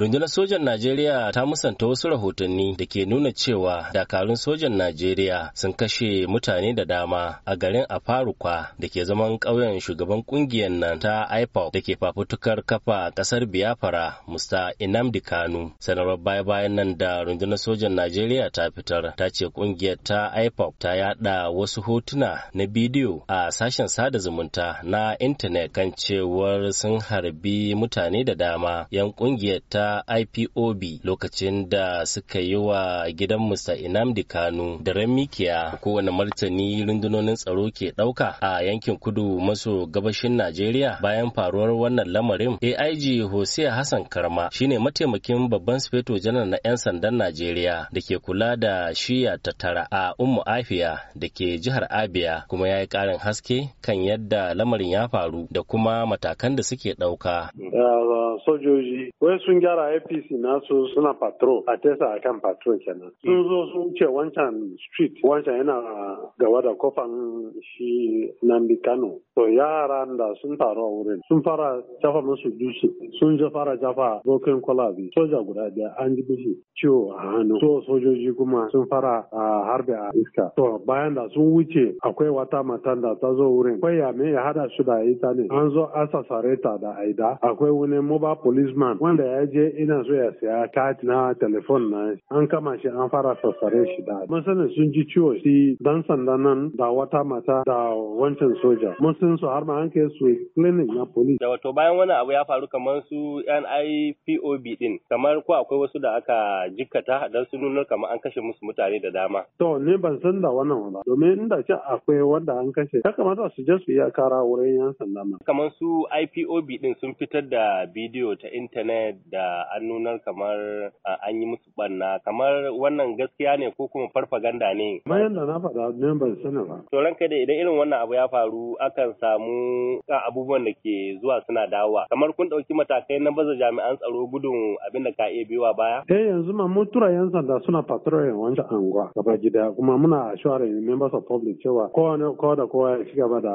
Rundunar sojan Najeriya ta musanta wasu rahotanni da ke nuna cewa dakarun sojan Najeriya sun kashe mutane da dama a garin Afarukwa da ke zaman ƙauyen shugaban ƙungiyar nan ta IPOP da ke fafutukar kafa ƙasar Biafra Musta Inamdi Kanu. Sanarwar baya-bayan nan da rundunar sojan Najeriya ta fitar ta ce ƙungiyar ta IPOP ta yada wasu hotuna na bidiyo a sashen sada zumunta na intanet kan cewar sun harbi mutane da dama 'yan ƙungiyar ta ta IPOB lokacin da suka yi wa gidan Musa Inamdi Kanu da Ramikiya kowane martani rundunonin tsaro ke ɗauka a yankin kudu maso gabashin Najeriya bayan faruwar wannan lamarin. AIG Hosea Hassan Karma shine mataimakin babban sufeto janar na 'yan sandan Najeriya da ke kula da shiya ta tara a Ummu Afiya da ke jihar Abia kuma ya yi ƙarin haske kan yadda lamarin ya faru da kuma matakan da suke ɗauka. Sojoji, wai sun gyara gyara apc nasu suna patrol a tesa a kan patrol kenan sun mm. zo sun wuce wancan street wancan yana gaba da kofan shi nambi kano to yaran da sun taru a wurin sun fara jafa musu dusu sun ja fara jafa bokin kwalabi soja guda daya an ji bishi ciwo a hannu so sojoji kuma sun fara harbe a iska to bayan da sun wuce akwai wata matan da ta zo wurin akwai ya me ya hada su da ita ne an zo an sasare ta da aida akwai wani mobile policeman wanda ya je ina so ya saya ta na telefon na an kama shi an fara sassare shi da mun sani sun ji ciwo shi dan sanda nan da wata mata da wancan soja mun san su har ma an kai su clinic na police da wato bayan wani abu ya faru kamar su NIPOB din kamar ko akwai wasu da aka jikkata dan sun nuna kamar an kashe musu mutane da dama to ne ban san da wannan ba domin inda ce akwai wanda an kashe ya kamata su je su kara wurin yan sanda kamar su IPOB din sun fitar da bidiyo ta intanet da an nunar kamar an yi musu banna kamar wannan gaskiya ne ko kuma farfaganda ne. Bayan da na faɗa ne ban sani ba. To ranka da idan irin wannan abu ya faru akan samu kan abubuwan da ke zuwa suna dawowa kamar kun ɗauki matakai na baza jami'an tsaro gudun abin da ka iya biyowa baya. Eh yanzu ma mun tura yan sanda suna patrolin wancan anguwa gaba gida kuma muna assuring members of public cewa kowane kowa da kowa ya ci gaba da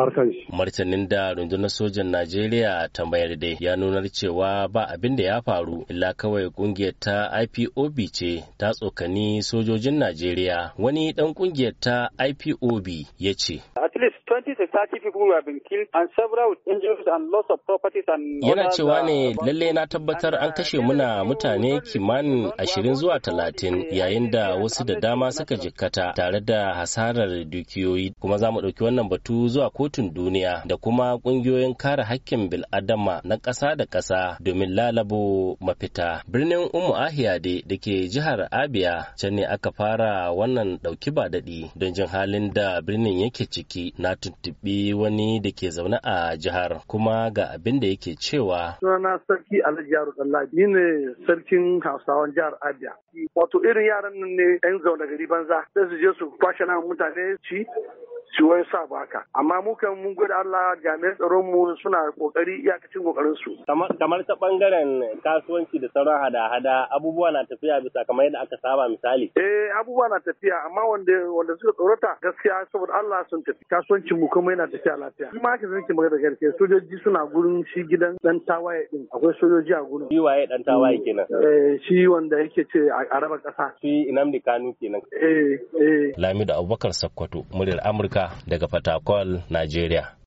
harkar shi. Martanin da rundunar sojan Najeriya tambayar dai ya nunar cewa ba abin da ya faru illa kawai kungiyar ta IPOB ce ta tsokani sojojin Najeriya wani dan kungiyar ta IPOB ya ce at least 20 to 30 people have been killed and several injuries and loss of properties and yana cewa ne lalle na tabbatar an kashe muna mutane kimanin ashirin zuwa talatin, yayin da wasu da dama suka jikkata tare da hasarar dukiyoyi kuma za mu ɗauki wannan batu zuwa kotun duniya da kuma ƙungiyoyin kare hakkin bil'adama na ƙasa da ƙasa domin lalabo mafita birnin umu ahiyade da ke jihar abia can ne aka fara wannan ɗauki ba daɗi don jin halin da birnin yake ciki ciki na tuntuɓi wani da ke zaune a jihar kuma ga abin da yake cewa. Sunana sarki Alhaji Yaro Dallaji ni ne sarkin Hausawan jihar Abia. Wato irin yaran nan ne 'yan zaune gari banza sai su je su kwashe na mutane ci shi wai sa baka amma mu kan mun gwada Allah jami'an tsaron mu suna kokari iyakacin kokarin su kamar ta bangaren kasuwanci da sauran hada-hada abubuwa na tafiya bisa kamar yadda aka saba misali eh abubuwa na tafiya amma wanda wanda suka tsorota gaskiya saboda Allah sun tafi kasuwancin mu kuma yana tafiya lafiya kuma haka zan ki magana da gaske sojoji suna gurin shi gidan dan tawaye din akwai sojoji a gurin shi waye dan tawaye kenan eh shi wanda yake ce a raba kasa shi Inamdi Kanu kenan eh eh Lamido Abubakar Sakkwato muryar Amurka amurka daga fatakwal Nigeria.